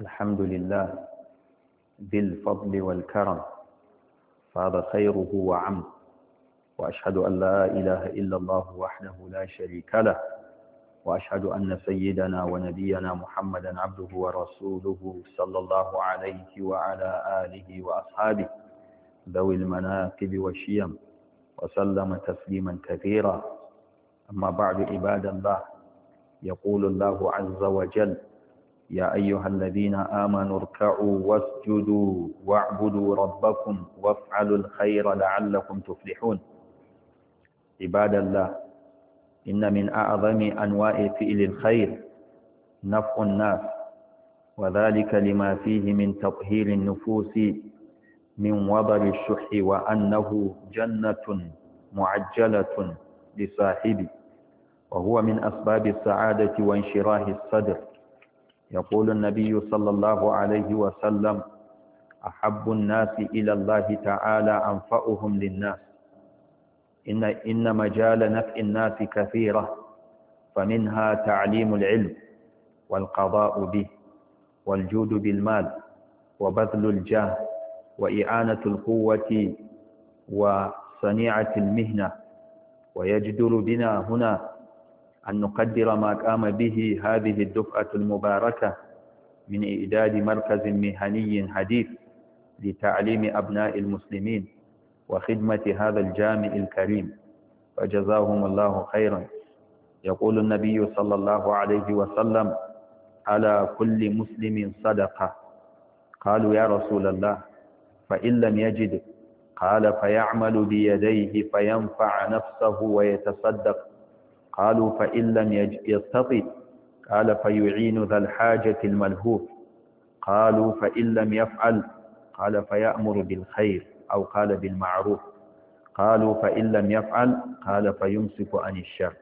الحمد لله ذي الفضل والكرم فهذا خيره وعم وأشهد أن لا إله إلا الله وحده لا شريك له وأشهد أن سيدنا ونبينا محمدا عبده ورسوله صلى الله عليه وعلى آله وأصحابه ذوي المناقب والشيم وسلم تسليما كثيرا أما بعد عباد الله يقول الله عز وجل يا أيها الذين آمنوا اركعوا واسجدوا واعبدوا ربكم وافعلوا الخير لعلكم تفلحون عباد الله إن من أعظم أنواع فعل الخير نفع الناس وذلك لما فيه من تطهير النفوس من وبر الشح وأنه جنة معجلة لصاحبه وهو من أسباب السعادة وانشراه الصدر يقول النبي صلى الله عليه وسلم أحب الناس إلى الله تعالى أنفأهم للناس إن, إن مجال نفع الناس كثيرة فمنها تعليم العلم والقضاء به والجود بالمال وبذل الجاه وإعانة القوة وصنيعة المهنة ويجدر بنا هنا أن نقدر ما قام به هذه الدفعة المباركة من إعداد مركز مهني حديث لتعليم أبناء المسلمين وخدمة هذا الجامع الكريم فجزاهم الله خيرا يقول النبي صلى الله عليه وسلم على كل مسلم صدقة قالوا يا رسول الله فإن لم يجد قال فيعمل بيديه فينفع نفسه ويتصدق قالوا فإن لم يستطع قال فيعين ذا الحاجة الملهوف قالوا فإن لم يفعل قال فيأمر بالخير أو قال بالمعروف قالوا فإن لم يفعل قال فيمسك عن الشر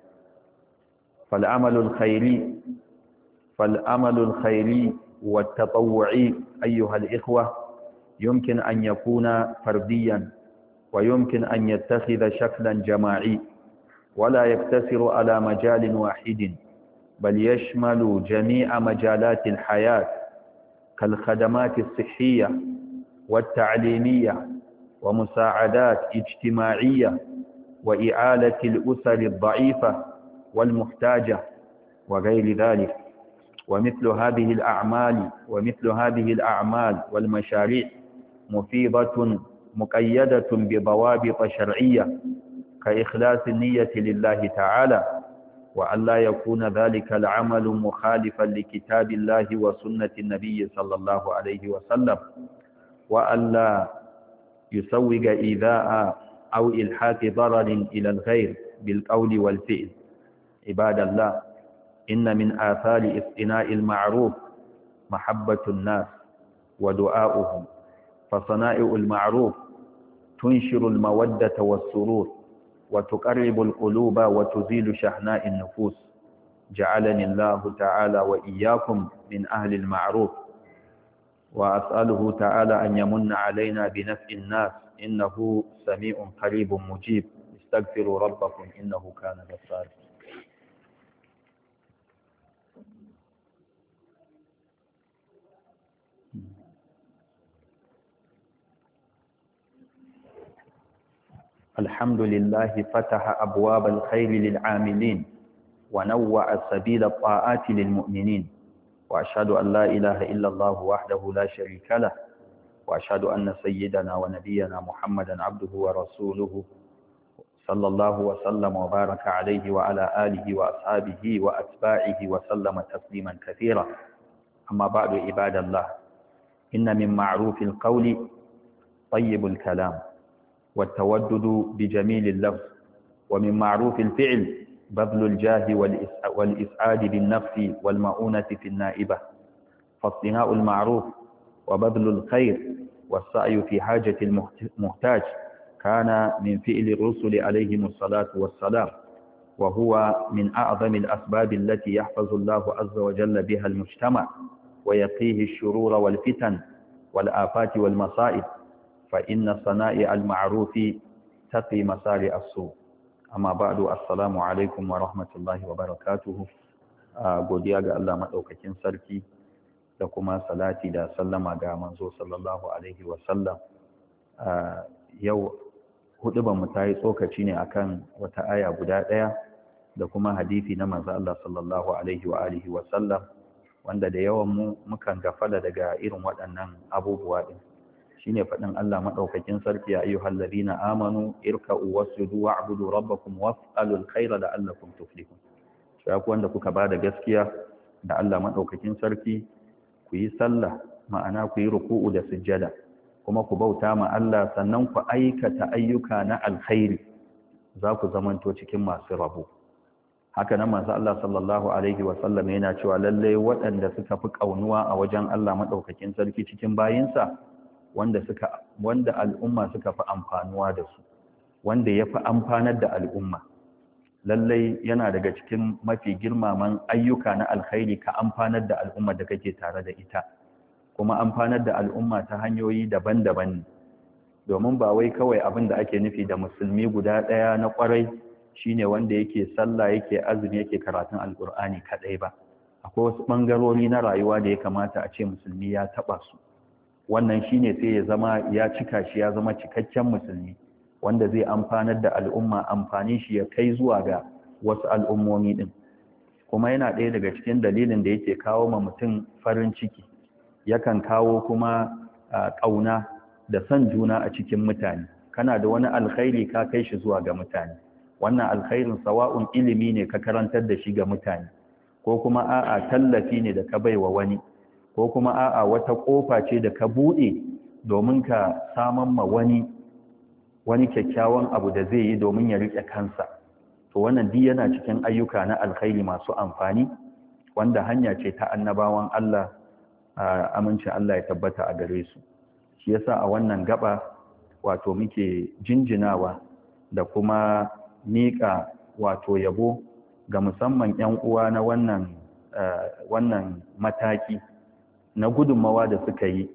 فالعمل الخيري فالعمل الخيري والتطوعي أيها الإخوة يمكن أن يكون فرديا ويمكن أن يتخذ شكلا جماعي ولا يقتصر على مجال واحد بل يشمل جميع مجالات الحياة كالخدمات الصحية والتعليمية ومساعدات اجتماعية وإعالة الأسر الضعيفة والمحتاجة وغير ذلك ومثل هذه الأعمال ومثل هذه الأعمال والمشاريع مفيضة مقيدة بضوابط شرعية كإخلاص النية لله تعالى وأن لا يكون ذلك العمل مخالفا لكتاب الله وسنة النبي صلى الله عليه وسلم وأن لا يسوق إيذاء أو إلحاق ضرر إلى الغير بالقول والفعل عباد الله إن من آثار اقتناء المعروف محبة الناس ودعاؤهم فصنائع المعروف تنشر المودة والسرور وتقرب القلوب وتزيل شحناء النفوس جعلني الله تعالى وإياكم من أهل المعروف وأسأله تعالى أن يمن علينا بنفع الناس إنه سميع قريب مجيب استغفروا ربكم إنه كان غفارا الحمد لله فتح أبواب الخير للعاملين ونوع سبيل الطاعات للمؤمنين وأشهد أن لا إله إلا الله وحده لا شريك له وأشهد أن سيدنا ونبينا محمدا عبده ورسوله صلى الله وسلم وبارك عليه وعلى آله وأصحابه وأتباعه وسلم تسليما كثيرا أما بعد عباد الله إن من معروف القول طيب الكلام والتودد بجميل اللفظ ومن معروف الفعل بذل الجاه والإسعاد بالنفس والمؤونة في النائبة فاصطناء المعروف وبذل الخير والسعي في حاجة المحتاج كان من فعل الرسل عليهم الصلاة والسلام وهو من أعظم الأسباب التي يحفظ الله عز وجل بها المجتمع ويقيه الشرور والفتن والآفات والمصائب fa sana'i al-ma'rufi taqi masari as-su amma ba'du assalamu alaikum wa rahmatullahi wa barakatuh godiya ga Allah madaukakin sarki da kuma salati da sallama ga manzo sallallahu alaihi wa sallam ah, yau hudu ba mu tayi tsokaci ne a kan wata aya guda ɗaya, da kuma hadisi na manzo Allah sallallahu alaihi wa sallam wanda da yawan mu mukan faɗa daga irin waɗannan abubuwa ɗin. shine faɗin Allah maɗaukakin sarki ya ayyuhal na amanu irka'u wasjudu wa'budu rabbakum was'alul khaira la'allakum tuflihun Ya ku wanda kuka da gaskiya da Allah maɗaukakin sarki ku yi sallah ma'ana ku yi ruku'u da sujjada kuma ku bauta ma Allah sannan ku aikata ayyuka na alkhairi za ku zamanto cikin masu rabo haka nan manzo Allah sallallahu alaihi wa sallam yana cewa lalle waɗanda suka fi kaunuwa a wajen Allah maɗaukakin sarki cikin bayinsa wanda suka wanda al'umma suka fi amfanuwa da su wanda ya fi amfanar da al'umma lallai yana daga cikin mafi girmaman ayyuka na alkhairi ka amfanar da al'umma da kake tare da ita kuma amfanar da al'umma ta hanyoyi daban-daban ne domin ba wai kawai abin da ake nufi da musulmi guda ɗaya na ƙwarai shine wanda yake sallah yake azumi yake karatun alkur'ani kaɗai ba akwai wasu ɓangarori na rayuwa da ya kamata a ce musulmi ya taɓa su wannan shine sai ya zama ya cika shi ya zama cikakken musulmi wanda zai amfanar da al'umma amfani shi ya kai zuwa ga wasu al'ummomi din kuma yana ɗaya daga cikin dalilin da yake kawo ma mutum farin ciki yakan kawo kuma ƙauna da son juna a cikin mutane kana da wani alkhairi ka kai shi zuwa ga mutane wannan alkhairin sawa'un ilimi ne ka karantar da shi ga mutane ko kuma a'a tallafi ne da ka bai wa wani ko kuma a'a wata kofa ce da ka buɗe domin ka saman ma wani wani kyakkyawan abu da zai yi domin ya riƙe kansa to wannan duk yana cikin ayyuka na alkhairi masu amfani wanda hanya ce ta annabawan Allah aminci Allah ya tabbata a gare su shi yasa a wannan gaba wato muke jinjinawa da kuma miƙa wato yabo ga musamman 'yan uwa na wannan wannan mataki na gudunmawa da suka yi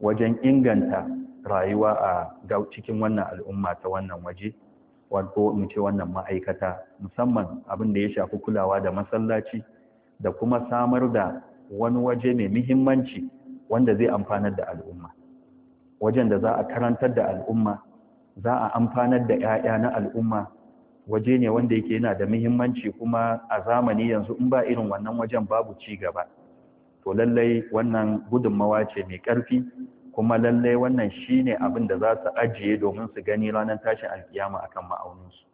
wajen inganta rayuwa a cikin wannan al'umma ta wannan waje wato in ce wannan ma'aikata musamman abin da ya shafi kulawa da masallaci da kuma samar da wani waje mai muhimmanci wanda zai amfanar da al'umma wajen da za a karantar da al'umma za a amfanar da 'ya'ya na al'umma waje ne wanda yake yana da muhimmanci kuma a zamani yanzu in ba irin wannan wajen babu ci gaba to lallai wannan gudunmawa ce mai ƙarfi kuma lallai wannan shine abin da za su ajiye domin su gani ranar tashin alkiyama kan ma'auninsu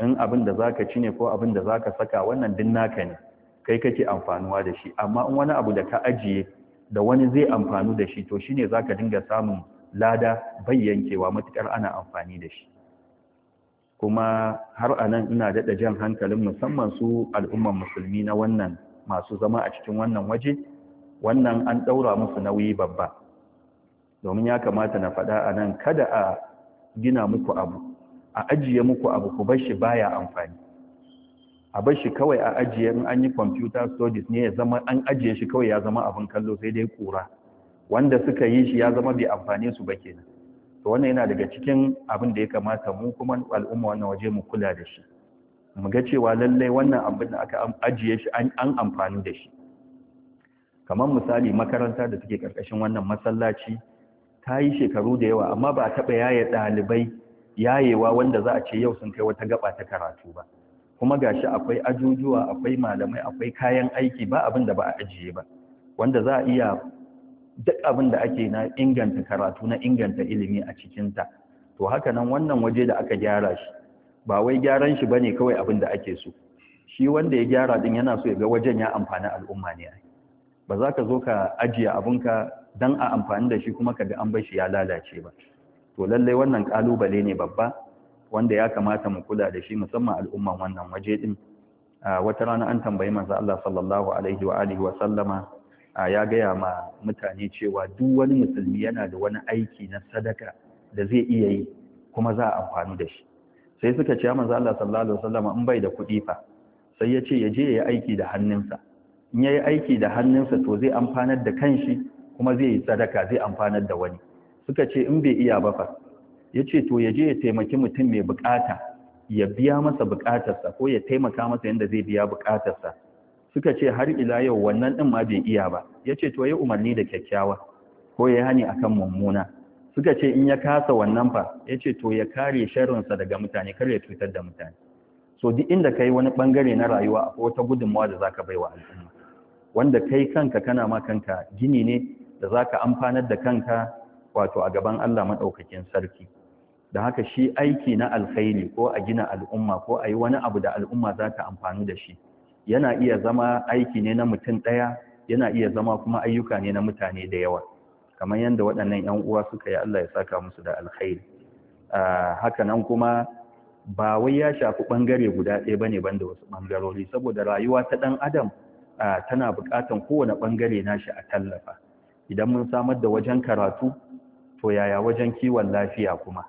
in abin da za ka ci ne ko abin da za ka saka wannan din naka ne kai kake amfanuwa da shi amma in wani abu da ka ajiye da wani zai amfanu da shi to shi ne za ka dinga samun lada bayyankewa matuƙar ana amfani da shi kuma har anan ina daɗa jan hankalin musamman su al'umman musulmi na wannan masu zama a cikin wannan waje wannan an ɗaura musu nauyi babba domin ya kamata na faɗa a nan kada a gina muku abu a ajiye muku abu ku bar shi baya amfani a bar shi kawai a ajiye in an yi computer studies ne ya zama an ajiye shi kawai ya zama abin kallo sai dai kura wanda suka yi shi ya zama bai amfane su ba kenan to wannan yana daga cikin abin da ya kamata mu kuma al'umma wannan waje mu kula da shi mu ga cewa lallai wannan abin da aka ajiye shi an amfani da shi kamar misali makaranta da take karkashin wannan masallaci ta yi shekaru da yawa amma ba taɓa yaye ɗalibai yayewa wanda za a ce yau sun kai wata gaba ta karatu ba kuma gashi akwai ajujuwa akwai malamai akwai kayan aiki ba abin da ba a ajiye ba wanda za a iya duk abin da ake na inganta karatu na inganta ilimi a cikinta to haka nan wannan waje da aka gyara shi ba wai gyaran shi bane kawai abin da ake so shi wanda ya gyara din yana so ya ga wajen ya amfani al'umma ne ba za ka zo ka ajiye abinka dan a amfani da shi kuma ka ga an bar shi ya lalace ba to lallai wannan kalubale ne babba wanda ya kamata mu kula da shi musamman al'umma wannan waje din wata rana an tambayi manzo Allah sallallahu alaihi wa alihi wa sallama ya gaya ma mutane cewa duk wani musulmi yana da wani aiki na sadaka da zai iya yi kuma za a amfani da shi sai suka ce manzo Allah sallallahu alaihi wasallam in bai da kuɗi fa sai ya ce ya je ya yi aiki da hannunsa in ya yi aiki da hannunsa to zai amfanar da kanshi kuma zai yi sadaka zai amfanar da wani suka ce in bai iya ba fa ya ce to ya je ya taimaki mutum mai bukata ya biya masa bukatarsa ko ya taimaka masa yadda zai biya bukatarsa suka ce har ila yau wannan din ma bai iya ba ya ce to ya umarni da kyakkyawa ko ya hani akan mummuna suka ce in ya kasa wannan fa ya ce to ya kare sharinsa daga mutane kar ya cutar da mutane so duk inda ka yi wani bangare na rayuwa akwai wata gudunmawa da za ka bai wa al'umma wanda kai kanka kana ma kanka gini ne da zaka ka amfanar da kanka wato a gaban Allah maɗaukakin sarki da haka shi aiki na alkhairi ko a gina al'umma ko a yi wani abu da al'umma za ta amfani da shi yana iya zama aiki ne na mutum ɗaya yana iya zama kuma ayyuka ne na mutane da yawa kamar yadda waɗannan 'yan uwa suka yi Allah ya saka musu da alkhairi haka nan kuma ba wai ya shafi ɓangare guda ɗaya bane banda wasu ɓangarori saboda rayuwa ta ɗan adam tana buƙatan kowane ɓangare nashi a tallafa idan mun samar da wajen karatu to yaya wajen kiwon lafiya kuma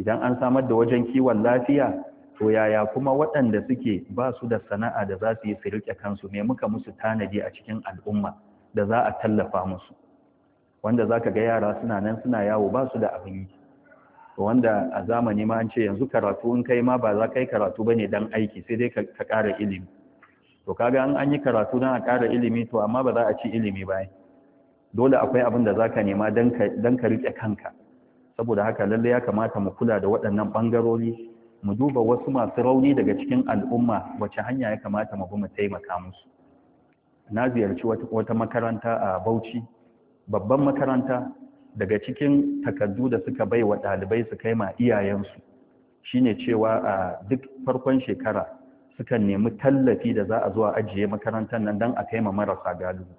idan an samar da wajen kiwon lafiya to yaya kuma waɗanda suke ba su da sana'a da za su yi su riƙe kansu me muka musu tanadi a cikin al'umma da za a tallafa musu wanda za ka ga yara suna nan suna yawo ba su da abin yi wanda a zamani ma an ce yanzu karatu in kai ma ba za ka yi karatu ba ne aiki sai dai ka kara ilimi to kaga an an yi karatu dan a kara ilimi to amma ba za a ci ilimi ba dole akwai abin da zaka nema don ka rike kanka saboda haka lallai ya kamata mu kula da waɗannan bangarori mu duba wasu masu rauni daga cikin al'umma wace hanya ya kamata mu bi mu taimaka musu na ziyarci wata makaranta a bauchi babban makaranta daga cikin takardu da suka bai wa ɗalibai su kai ma iyayensu shine cewa a duk farkon shekara sukan nemi tallafi da za a zuwa ajiye makarantar nan don a kai ma marasa galibi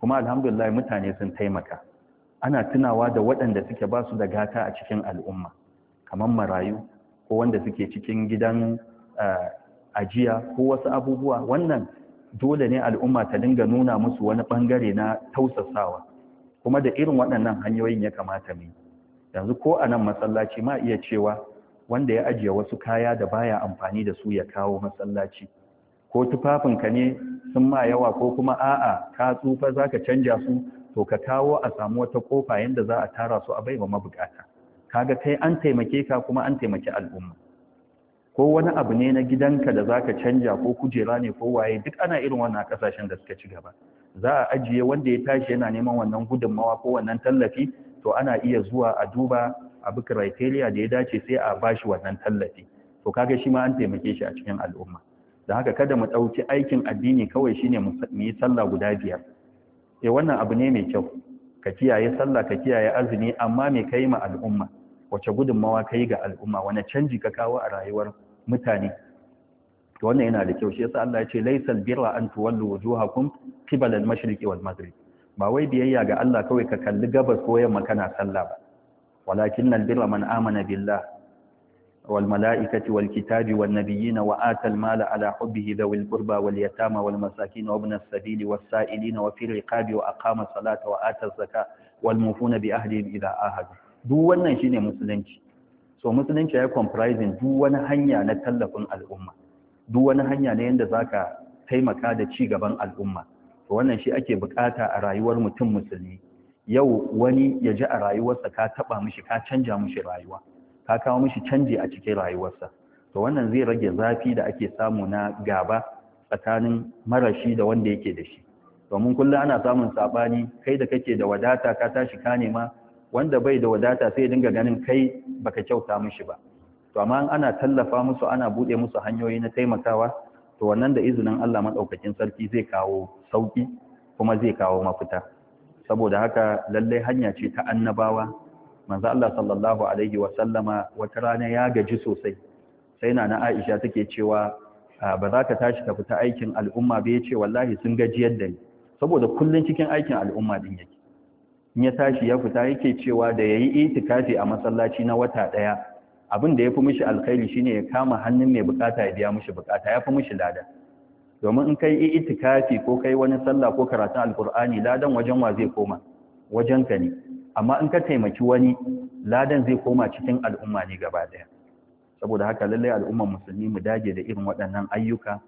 kuma alhamdulillah mutane sun taimaka ana tunawa da waɗanda suke ba su da gata a cikin al'umma kamar marayu ko wanda suke cikin gidan ajiya ko wasu abubuwa wannan dole ne al'umma ta dinga nuna musu wani bangare na tausasawa kuma da irin waɗannan hanyoyin ya kamata mu yanzu ko a nan masallaci ma iya cewa wanda ya ajiye wasu kaya da baya amfani da su ya kawo masallaci ko tufafinka ne sun ma yawa ko kuma a'a ka tsufa za ka canja su to ka kawo a samu wata kofa yadda za a tara su a bai baiwa mabukata Ka ga kai an taimake ka kuma an taimaki al'umma ko wani abu ne na gidanka da zaka canja ko kujera ne ko waye duk ana irin wannan kasashen da suka ci gaba za a ajiye wanda ya tashi yana neman wannan gudunmawa ko wannan tallafi to ana iya zuwa a duba abu criteria da ya dace sai a bashi wannan tallafi to kaga shi ma an taimake shi a cikin al'umma da haka kada mu ɗauki aikin addini kawai shine mu yi sallah guda biyar E wannan abu ne mai kyau ka kiyaye sallah ka kiyaye azumi amma me kai ma al'umma wace gudunmawa kai ga al'umma wani canji ka kawo a rayuwar mutane to wannan yana da kyau shi yasa Allah ya ce laysal birra an tuwallu wujuhakum qibala al-mashriqi wal maghrib ba wai biyayya ga Allah kawai ka kalli gabas ko yamma kana sallah ba walakin al-birra man amana billah wal mala'ikati wal kitabi wan nabiyina wa ata al-mala ala hubbihi dhawil qurba wal yatama wal masakin wa ibn as-sabili was sa'ilina wa fi riqabi wa aqama as-salata wa ata az-zakata wal mufuna bi ahdihim idha ahadu duk wannan shine musulunci so musulunci ya comprising duk wani hanya na tallafin al'umma duk wani hanya ne yanda zaka taimaka da ci gaban al'umma to wannan shi ake bukata a rayuwar mutum musulmi yau wani ya ji a rayuwarsa ka taba mishi ka canja mishi rayuwa ka kawo mishi canji a cikin rayuwarsa to wannan zai rage zafi da ake samu na gaba tsakanin marashi da wanda yake da shi domin kullum ana samun sabani kai da kake da wadata ka tashi ka nema wanda bai da wadata sai dinga ganin kai baka kyauta mishi ba to amma ana tallafa musu ana bude musu hanyoyi na taimakawa to wannan da izinin Allah madaukakin sarki zai kawo sauki kuma zai kawo mafita saboda haka lalle hanya ce ta annabawa manzo Allah sallallahu alaihi wa sallama wata rana ya gaji sosai sai na Aisha take cewa ba za ka tashi ka fita aikin al'umma ba ce wallahi sun gaji yadda ni saboda kullun cikin aikin al'umma din yake ya tashi ya fita yake cewa da yayi itikafi a masallaci na wata daya abin da yafi mishi alkhairi shine ya kama hannun mai bukata ya biya mishi bukata yafi mishi lada domin in kai itikafi ko kai wani sallah ko karatun alkur'ani ladan wajen wa zai koma wajen ka ne amma in ka taimaki wani ladan zai koma cikin al'umma ne gaba daya saboda haka lallai al'umman musulmi mu dage da irin waɗannan ayyuka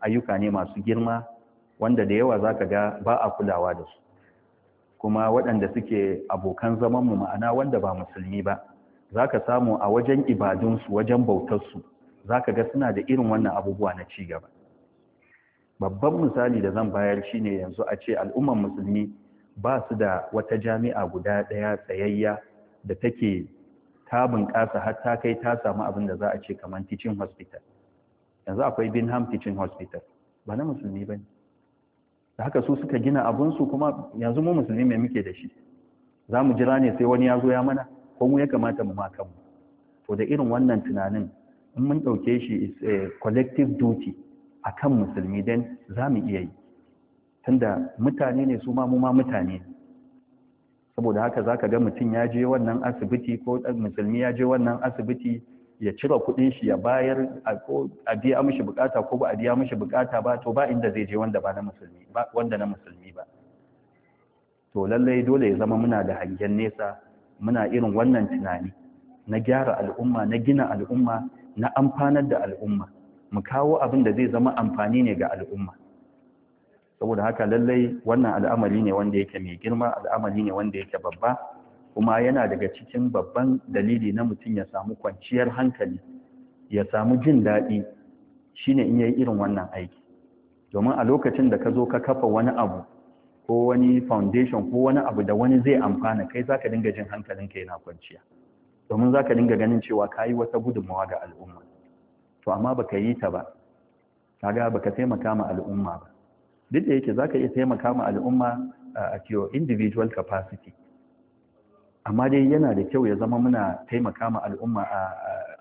ayyuka ne masu girma wanda da yawa zaka ga ba a kulawa da su kuma waɗanda suke abokan zamanmu ma'ana wanda ba musulmi ba za ka samu a wajen ibadunsu wajen bautarsu za ka ga suna da irin wannan abubuwa na ci gaba babban misali da zan bayar shine yanzu a ce al'umman musulmi ba su da wata jami'a guda ɗaya tsayayya da take ta bunƙasa har ta kai ta samu abin da za a ce kamar teaching hospital yanzu akwai binham teaching hospital ba na musulmi ba ne da haka su suka gina abun su kuma yanzu mu musulmi mai muke da shi za mu jira ne sai wani ya zo ya mana ko mu ya kamata mu mu to da irin wannan tunanin in mun ɗauke shi eh, collective duty a kan musulmi don za mu iya yi tunda mutane ne su ma mu ma mutane saboda haka za ka ga mutum ya je wannan asibiti ko musulmi ya je wannan asibiti ya cire kuɗin shi ya bayar a biya mishi bukata ko ba a biya mishi bukata ba to ba inda zai je wanda ba na musulmi ba wanda na musulmi ba to lallai dole ya zama muna da hangen nesa muna irin wannan tunani na gyara al'umma na gina al'umma na amfanar da al'umma mu kawo abin da zai zama amfani ne ga al'umma saboda haka lallai wannan al'amari ne wanda yake mai girma al'amari ne wanda yake babba kuma yana daga cikin babban dalili na mutum ya samu kwanciyar hankali ya samu jin daɗi shine in yi irin wannan aiki domin a lokacin da ka zo ka kafa wani abu ko wani foundation ko wani abu da wani zai amfana kai za ka dinga jin hankalinka yana kwanciya domin za ka dinga ganin cewa ka yi wata gudunmawa ga al'umma to amma baka yi ta ba kaga baka taimaka ma al'umma ba duk da yake ka iya taimaka ma al'umma uh, a your individual capacity amma dai yana da kyau ya zama muna taimaka ma al'umma a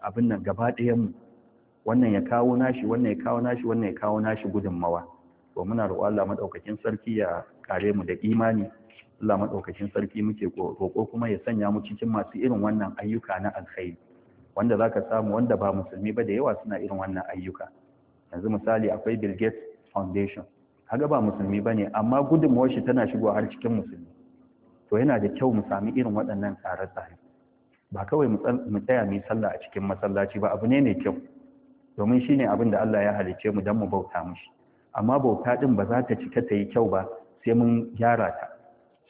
abin nan gaba ɗayanmu wannan ya kawo nashi wannan ya kawo nashi wannan ya kawo nashi gudunmawa to muna roƙo Allah madaukakin sarki ya kare mu da imani Allah madaukakin sarki muke roƙo kuma ya sanya mu cikin masu irin wannan ayyuka na alkhairi wanda zaka samu wanda ba musulmi ba da yawa suna irin wannan ayyuka yanzu misali akwai Bill Gates Foundation kaga ba musulmi bane amma gudunmawar shi tana shigo har cikin musulmi to yana da kyau mu sami irin waɗannan tsare-tsare ba kawai mu tsaya mu sallah a cikin masallaci ba abu ne ne kyau domin shine abin da Allah ya halicce mu dan mu bauta mushi amma bauta din ba za ta cika ta yi kyau ba sai mun gyara ta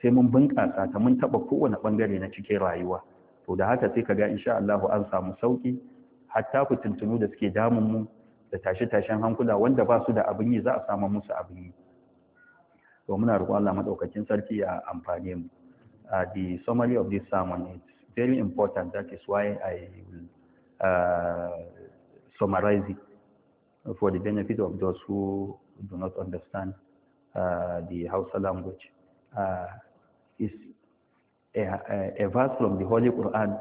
sai mun bunƙasa ta mun taɓa kowane ɓangare na cikin rayuwa to da haka sai kaga insha Allah an samu sauki hatta ku tuntunu da suke damun mu da tashe-tashen hankula wanda ba su da abin yi za a samu musu abin yi to muna roƙon Allah madaukakin sarki ya amfane mu uh, the summary of this sermon. It's very important. That is why I will uh, summarize it for the benefit of those who do not understand uh, the Hausa language. Uh, it's a, a, verse from the Holy Quran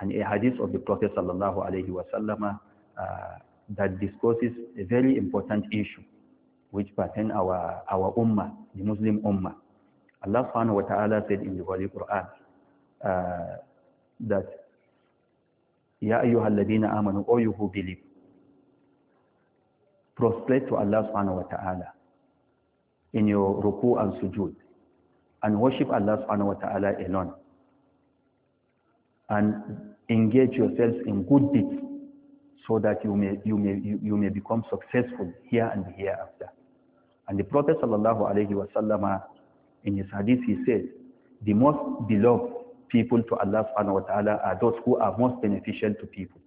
and a hadith of the Prophet sallallahu alaihi wasallam uh, that discusses a very important issue which pertain our our ummah, the Muslim ummah. Allah subhanahu wa ta'ala said in the Holy Quran uh, that Ya ayyuhalladina amanu, O you who believe, prostrate to Allah subhanahu wa ta'ala in your ruku and sujud and worship Allah subhanahu wa ta'ala alone and engage yourselves in good deeds so that you may, you may, you, you may become successful here and hereafter. And the Prophet sallallahu alayhi wa in his hadith, he said, the most beloved people to Allah subhanahu wa ta'ala are those who are most beneficial to people.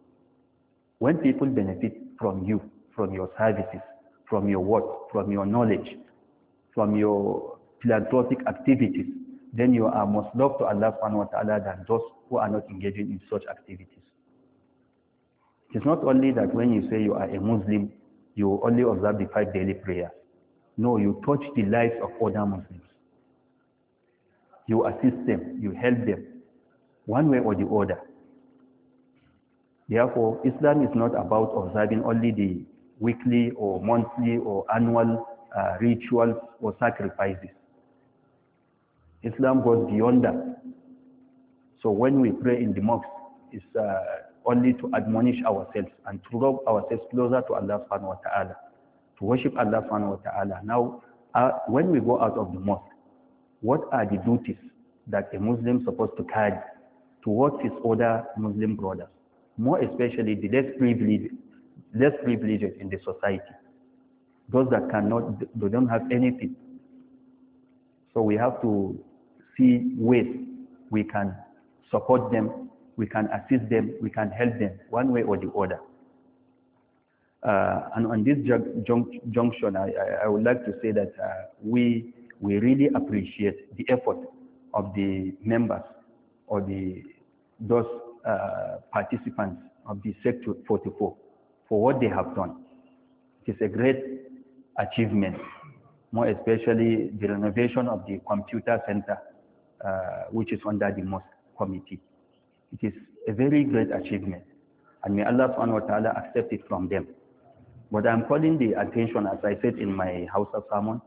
When people benefit from you, from your services, from your work, from your knowledge, from your philanthropic activities, then you are most loved to Allah subhanahu wa ta'ala than those who are not engaging in such activities. It's not only that when you say you are a Muslim, you only observe the five daily prayers. No, you touch the lives of other Muslims you assist them, you help them, one way or the other. Therefore, Islam is not about observing only the weekly or monthly or annual uh, rituals or sacrifices. Islam goes beyond that. So when we pray in the mosque, it's uh, only to admonish ourselves and to draw ourselves closer to Allah subhanahu wa ta'ala, to worship Allah subhanahu wa ta'ala. Now, uh, when we go out of the mosque, what are the duties that a Muslim is supposed to carry towards his other Muslim brothers, more especially the less privileged, less privileged in the society, those that cannot, they don't have anything. So we have to see ways we can support them, we can assist them, we can help them one way or the other. Uh, and on this junction, I, I, would like to say that uh, we we really appreciate the effort of the members or the those uh, participants of the Sector 44 for what they have done. It is a great achievement, more especially the renovation of the computer center, uh, which is under the MOST committee. It is a very great achievement, and may Allah subhanahu wa ta'ala accept it from them. But I'm calling the attention, as I said in my House of Sermon,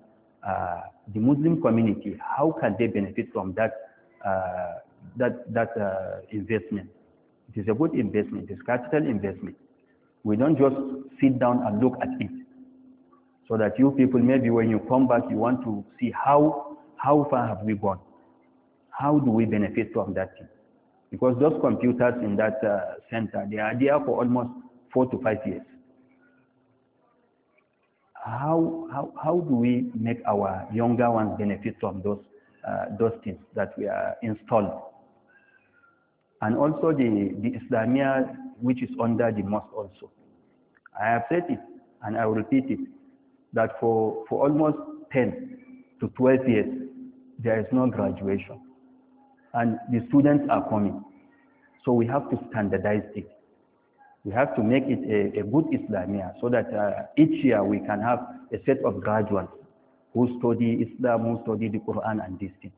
uh, the Muslim community, how can they benefit from that, uh, that, that uh, investment? It is a good investment, it's capital investment. We don't just sit down and look at it. So that you people, maybe when you come back, you want to see how, how far have we gone? How do we benefit from that thing? Because those computers in that uh, center, they are there for almost four to five years how, how, how do we make our younger ones benefit from those, uh, those things that we are installed? And also the, the Islamia, which is under the mosque also. I have said it, and I will repeat it, that for, for almost 10 to 12 years, there is no graduation. And the students are coming. So we have to standardize it. We have to make it a, a good Islamia so that uh, each year we can have a set of graduates who study Islam, who study the Quran and this thing.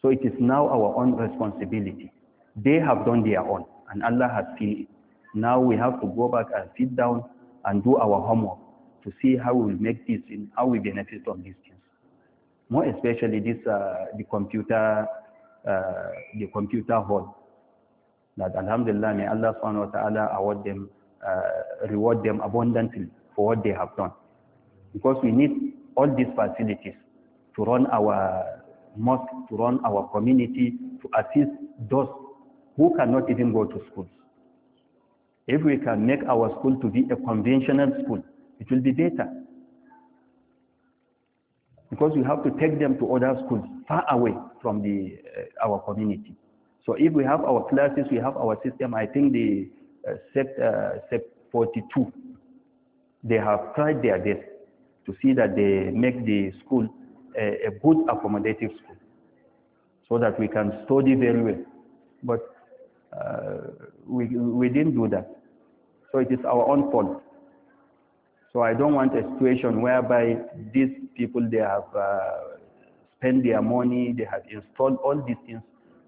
So it is now our own responsibility. They have done their own and Allah has seen it. Now we have to go back and sit down and do our homework to see how we will make this and how we benefit from these things. More especially this, uh, the computer, uh, the computer hall that alhamdulillah may Allah subhanahu wa ta'ala award them, uh, reward them abundantly for what they have done. Because we need all these facilities to run our mosque, to run our community, to assist those who cannot even go to schools. If we can make our school to be a conventional school, it will be better. Because we have to take them to other schools far away from the, uh, our community. So if we have our classes, we have our system, I think the uh, set uh, 42, they have tried their best to see that they make the school a, a good accommodative school so that we can study very well. But uh, we, we didn't do that. So it is our own fault. So I don't want a situation whereby these people, they have uh, spent their money, they have installed all these things,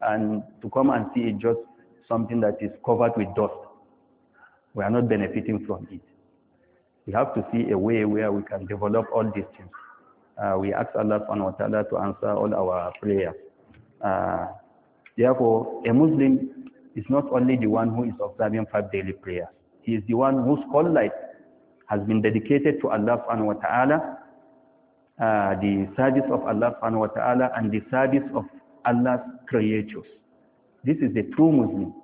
and to come and see it just something that is covered with dust. We are not benefiting from it. We have to see a way where we can develop all these things. Uh, we ask Allah and wa ta'ala to answer all our prayers. Uh, therefore, a Muslim is not only the one who is observing five daily prayers. He is the one whose whole life has been dedicated to Allah and wa ta'ala, uh, the service of Allah wa ta'ala and the service of Allah's creatures. This is the true Muslim.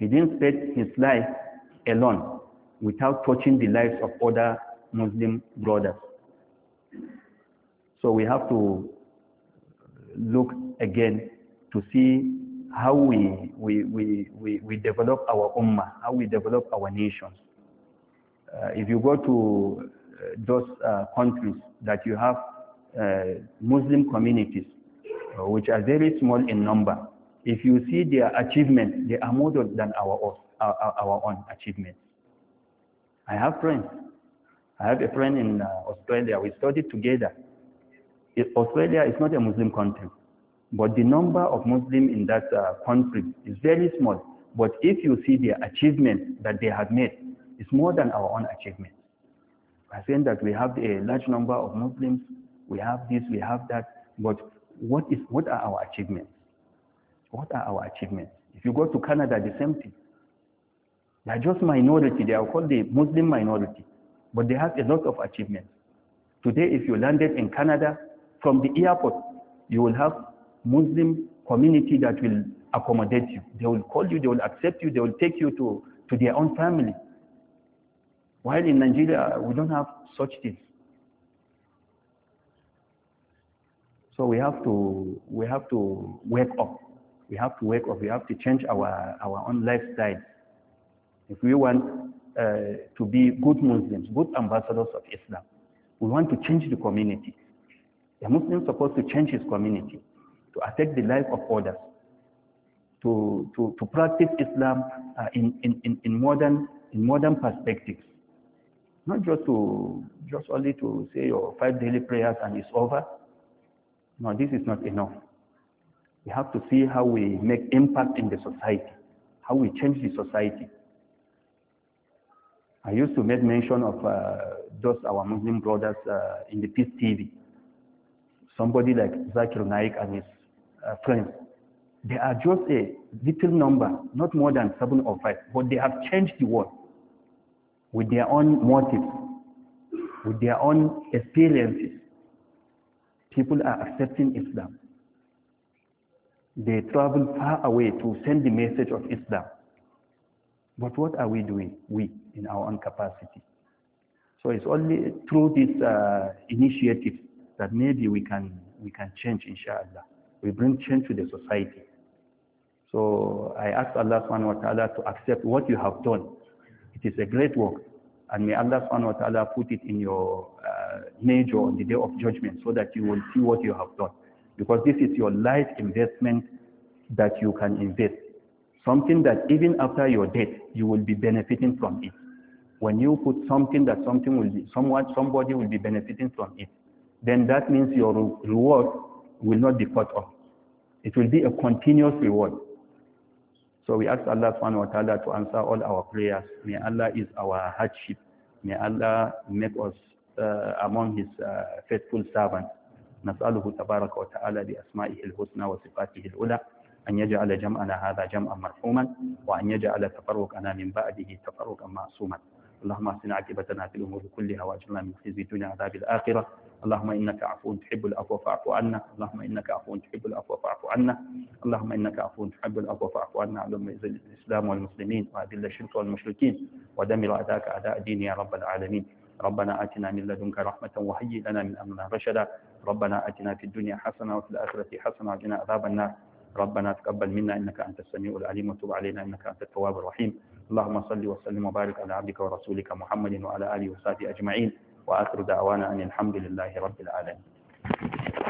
He didn't spend his life alone without touching the lives of other Muslim brothers. So we have to look again to see how we, we, we, we, we develop our ummah, how we develop our nations. Uh, if you go to uh, those uh, countries that you have uh, Muslim communities, uh, which are very small in number, if you see their achievements, they are more than our own, our, our own achievements. I have friends. I have a friend in uh, Australia. We studied together. Australia is not a Muslim country, but the number of Muslims in that uh, country is very small. But if you see their achievements that they have made, it's more than our own achievements. am saying that we have a large number of Muslims, we have this, we have that, but what, is, what are our achievements? What are our achievements? If you go to Canada, the same thing. They are just minority. They are called the Muslim minority, but they have a lot of achievements. Today, if you landed in Canada, from the airport, you will have Muslim community that will accommodate you. They will call you, they will accept you, they will take you to, to their own family. While in Nigeria, we don't have such things. So we have to we have to wake up. We have to wake up. We have to change our our own lifestyle if we want uh, to be good Muslims, good ambassadors of Islam. We want to change the community. A Muslim is supposed to change his community, to affect the life of others, to to, to practice Islam uh, in, in, in modern in modern perspectives not just to just only to say your five daily prayers and it's over. No, this is not enough. We have to see how we make impact in the society, how we change the society. I used to make mention of uh, those our Muslim brothers uh, in the Peace TV. Somebody like Zakir Naik and his uh, friends. They are just a little number, not more than seven or five, but they have changed the world with their own motives, with their own experiences people are accepting Islam. They travel far away to send the message of Islam. But what are we doing, we, in our own capacity? So it's only through these uh, initiatives that maybe we can, we can change, inshallah. We bring change to the society. So I ask Allah subhanahu wa ta'ala to accept what you have done. It is a great work. And may Allah subhanahu wa ta'ala put it in your uh, Major on the day of judgment so that you will see what you have done. Because this is your life investment that you can invest. Something that even after your death, you will be benefiting from it. When you put something that something will be, someone, somebody will be benefiting from it, then that means your reward will not be cut off. It will be a continuous reward. So we ask Allah subhanahu wa ta'ala to answer all our prayers. May Allah is our hardship. May Allah make us among his faithful servants نسأله تبارك وتعالى بأسمائه الحسنى وصفاته العلى أن يجعل جمعنا هذا جمعا مرحوما وأن يجعل تفرقنا من بعده تفرقا معصوما اللهم احسن عاقبتنا في الأمور كلها وأجرنا من خزي الدنيا عذاب الآخرة اللهم إنك عفو تحب العفو فاعف عنا اللهم إنك عفو تحب العفو فاعف عنا اللهم إنك عفو تحب العفو فاعف عنا اللهم اعز الإسلام والمسلمين وأذل الشرك والمشركين ودمر أعداءك أعداء الدين يا رب العالمين ربنا آتنا من لدنك رحمة وهيئ لنا من أمرنا رشدا ربنا آتنا في الدنيا حسنة وفي الآخرة حسنة وقنا عذاب النار ربنا تقبل منا إنك أنت السميع العليم وتب علينا إنك أنت التواب الرحيم اللهم صل وسلم وبارك على عبدك ورسولك محمد وعلى آله وصحبه أجمعين وآخر دعوانا أن الحمد لله رب العالمين